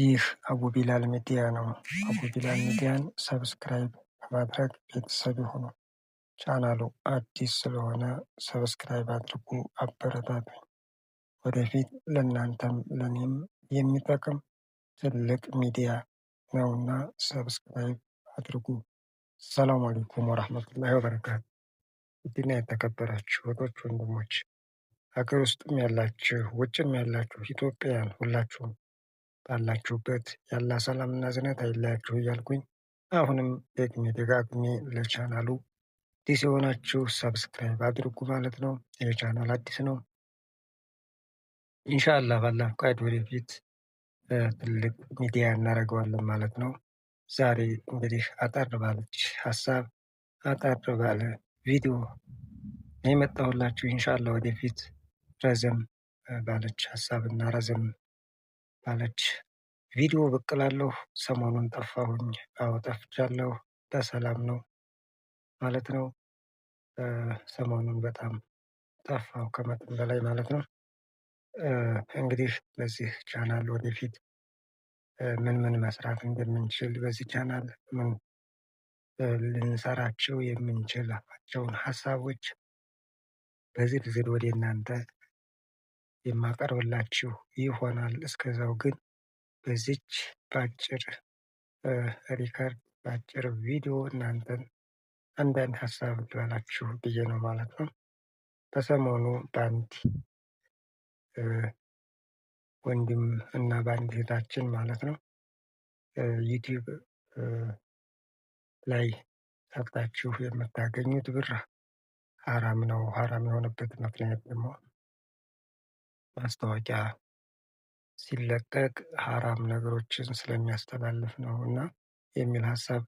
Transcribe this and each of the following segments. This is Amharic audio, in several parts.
ይህ አቡቢላል ሚዲያ ነው። አቡቢላል ሚዲያን ሰብስክራይብ በማድረግ ቤተሰብ ይሁኑ። ቻናሉ አዲስ ስለሆነ ሰብስክራይብ አድርጉ፣ አበረታቱኝ። ወደፊት ለእናንተም ለእኔም የሚጠቅም ትልቅ ሚዲያ ነውና ሰብስክራይብ አድርጉ። ሰላም አለይኩም ወራህመቱላሂ ወበረካቱ። ውድና የተከበራችሁ ወጦች ወንድሞች፣ ሀገር ውስጥም ያላችሁ ውጭም ያላችሁ ኢትዮጵያውያን ሁላችሁም ባላችሁበት ያለ ሰላምና ዝነት አይለያችሁ እያልኩኝ አሁንም ደግሜ ደጋግሜ ለቻናሉ አዲስ የሆናችሁ ሰብስክራይብ አድርጉ ማለት ነው። ቻናል አዲስ ነው። እንሻላ ባላ ፍቃድ ወደፊት ትልቅ ሚዲያ እናደርገዋለን ማለት ነው። ዛሬ እንግዲህ አጠር ባለች ሀሳብ አጠር ባለ ቪዲዮ የመጣሁላችሁ እንሻላ ወደፊት ረዘም ባለች ሀሳብ እና ረዘም አለች። ቪዲዮ ብቅ እላለሁ ሰሞኑን ጠፋሁኝ። አዎ ጠፍቻለሁ በሰላም ነው ማለት ነው። ሰሞኑን በጣም ጠፋሁ ከመጠን በላይ ማለት ነው። እንግዲህ በዚህ ቻናል ወደፊት ምን ምን መስራት እንደምንችል በዚህ ቻናል ምን ልንሰራቸው የምንችላቸውን ሀሳቦች በዚህ ጊዜ ወደ እናንተ የማቀርብላችሁ ይሆናል። እስከዛው ግን በዚች በአጭር ሪከርድ በአጭር ቪዲዮ እናንተን አንዳንድ ሀሳብ ልበላችሁ ብዬ ነው ማለት ነው። በሰሞኑ በአንድ ወንድም እና በአንድ እህታችን ማለት ነው ዩቲዩብ ላይ ሰርታችሁ የምታገኙት ብር ሀራም ነው። ሀራም የሆነበት ምክንያት ደግሞ ማስታወቂያ ሲለቀቅ ሀራም ነገሮችን ስለሚያስተላልፍ ነው እና የሚል ሀሳብ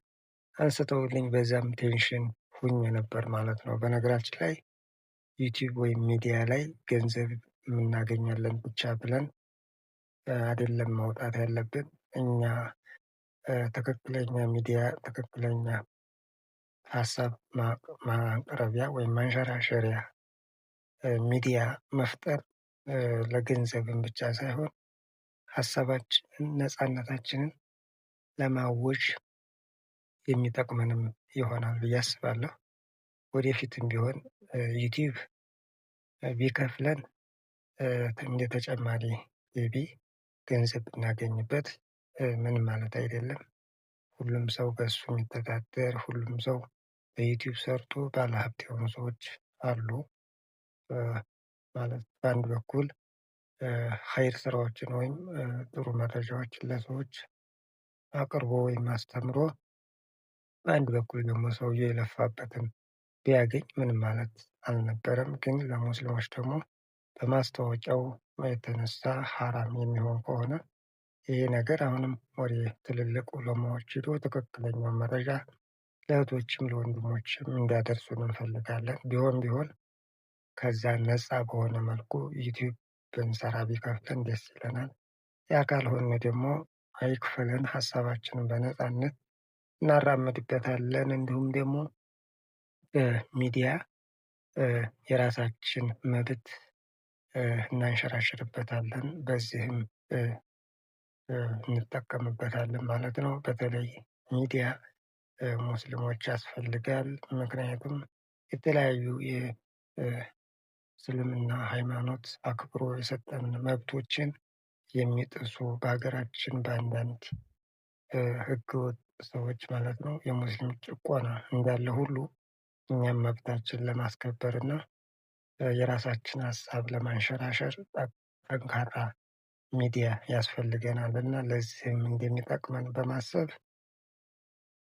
አንስተውልኝ በዚያም ቴንሽን ሁኝ ነበር ማለት ነው። በነገራችን ላይ ዩቲዩብ ወይም ሚዲያ ላይ ገንዘብ የምናገኛለን ብቻ ብለን አይደለም ማውጣት ያለብን እኛ ትክክለኛ ሚዲያ ትክክለኛ ሀሳብ ማቅረቢያ ወይም ማንሸራሸሪያ ሚዲያ መፍጠር ለገንዘብም ብቻ ሳይሆን ሀሳባችንን ነፃነታችንን ለማወጅ የሚጠቅመንም ይሆናል ብዬ አስባለሁ። ወደፊትም ቢሆን ዩቲዩብ ቢከፍለን እንደ ተጨማሪ ገቢ ገንዘብ ብናገኝበት ምን ማለት አይደለም። ሁሉም ሰው በእሱ የሚተዳደር ሁሉም ሰው በዩቲዩብ ሰርቶ ባለሀብት የሆኑ ሰዎች አሉ። ማለት በአንድ በኩል ሀይር ስራዎችን ወይም ጥሩ መረጃዎችን ለሰዎች አቅርቦ ወይም አስተምሮ በአንድ በኩል ደግሞ ሰውየው የለፋበትን ቢያገኝ ምንም ማለት አልነበረም። ግን ለሙስሊሞች ደግሞ በማስታወቂያው የተነሳ ሀራም የሚሆን ከሆነ ይሄ ነገር አሁንም ወደ ትልልቅ ዑለማዎች ሂዶ ትክክለኛውን መረጃ ለእህቶችም ለወንድሞችም እንዲያደርሱን እንፈልጋለን። ቢሆን ቢሆን ከዛ ነፃ በሆነ መልኩ ዩቲዩብ ብንሰራ ቢከፍተን ደስ ይለናል። ያ ካልሆነ ደግሞ አይክፈለን፣ ሀሳባችንን በነፃነት እናራምድበታለን። እንዲሁም ደግሞ ሚዲያ የራሳችን መብት እናንሸራሽርበታለን። በዚህም እንጠቀምበታለን ማለት ነው። በተለይ ሚዲያ ሙስሊሞች ያስፈልጋል። ምክንያቱም የተለያዩ እስልምና ሃይማኖት አክብሮ የሰጠን መብቶችን የሚጥሱ በሀገራችን በአንዳንድ ህገወጥ ሰዎች ማለት ነው የሙስሊም ጭቆና እንዳለ ሁሉ እኛም መብታችን ለማስከበር እና የራሳችን ሀሳብ ለማንሸራሸር ጠንካራ ሚዲያ ያስፈልገናል እና ለዚህም እንደሚጠቅመን በማሰብ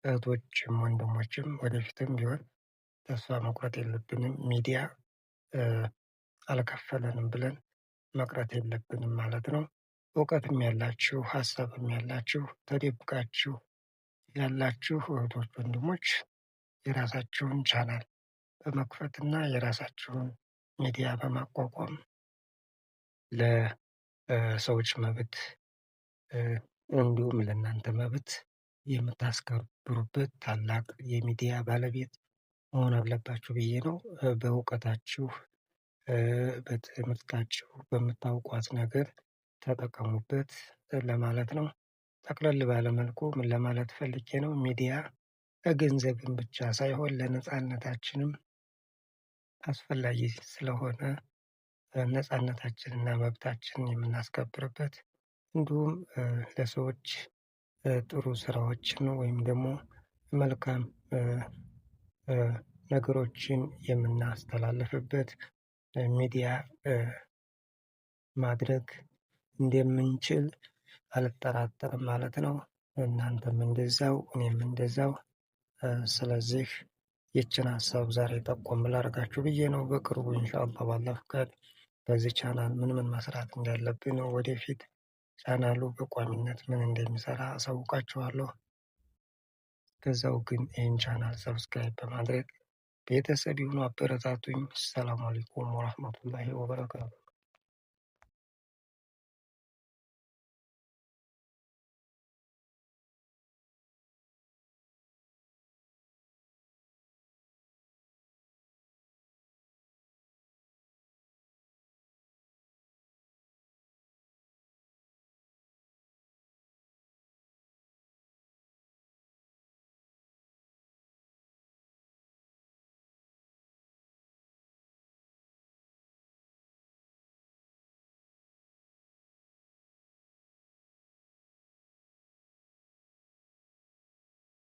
እህቶችም ወንድሞችም ወደፊትም ቢሆን ተስፋ መቁረጥ የለብንም። ሚዲያ አልከፈለንም ብለን መቅረት የለብንም ማለት ነው። እውቀትም ያላችሁ ሀሳብም ያላችሁ ተደብቃችሁ ያላችሁ እህቶች፣ ወንድሞች የራሳችሁን ቻናል በመክፈትና የራሳችሁን ሚዲያ በማቋቋም ለሰዎች መብት እንዲሁም ለእናንተ መብት የምታስከብሩበት ታላቅ የሚዲያ ባለቤት መሆን አለባችሁ ብዬ ነው። በእውቀታችሁ በትምህርታችሁ በምታውቋት ነገር ተጠቀሙበት ለማለት ነው። ጠቅለል ባለ መልኩ ምን ለማለት ፈልጌ ነው ሚዲያ ለገንዘብን ብቻ ሳይሆን ለነፃነታችንም አስፈላጊ ስለሆነ ነፃነታችንና መብታችን የምናስከብርበት እንዲሁም ለሰዎች ጥሩ ስራዎችን ወይም ደግሞ መልካም ነገሮችን የምናስተላልፍበት ሚዲያ ማድረግ እንደምንችል አልጠራጠርም ማለት ነው። እናንተም እንደዛው እኔም እንደዛው። ስለዚህ ይችን ሀሳብ ዛሬ ጠቆም ላደርጋችሁ ብዬ ነው። በቅርቡ እንሻአላ ባላ ፍቃድ በዚህ ቻናል ምን ምን መስራት እንዳለብን ወደፊት ቻናሉ በቋሚነት ምን እንደሚሰራ አሳውቃችኋለሁ። ከዛው ግን ይህን ቻናል ሰብስክራይብ በማድረግ ቤተሰብ ይሁኑ። አበረታቱኝ። ሰላም አለይኩም ወራህመቱላሂ ወበረካቱ።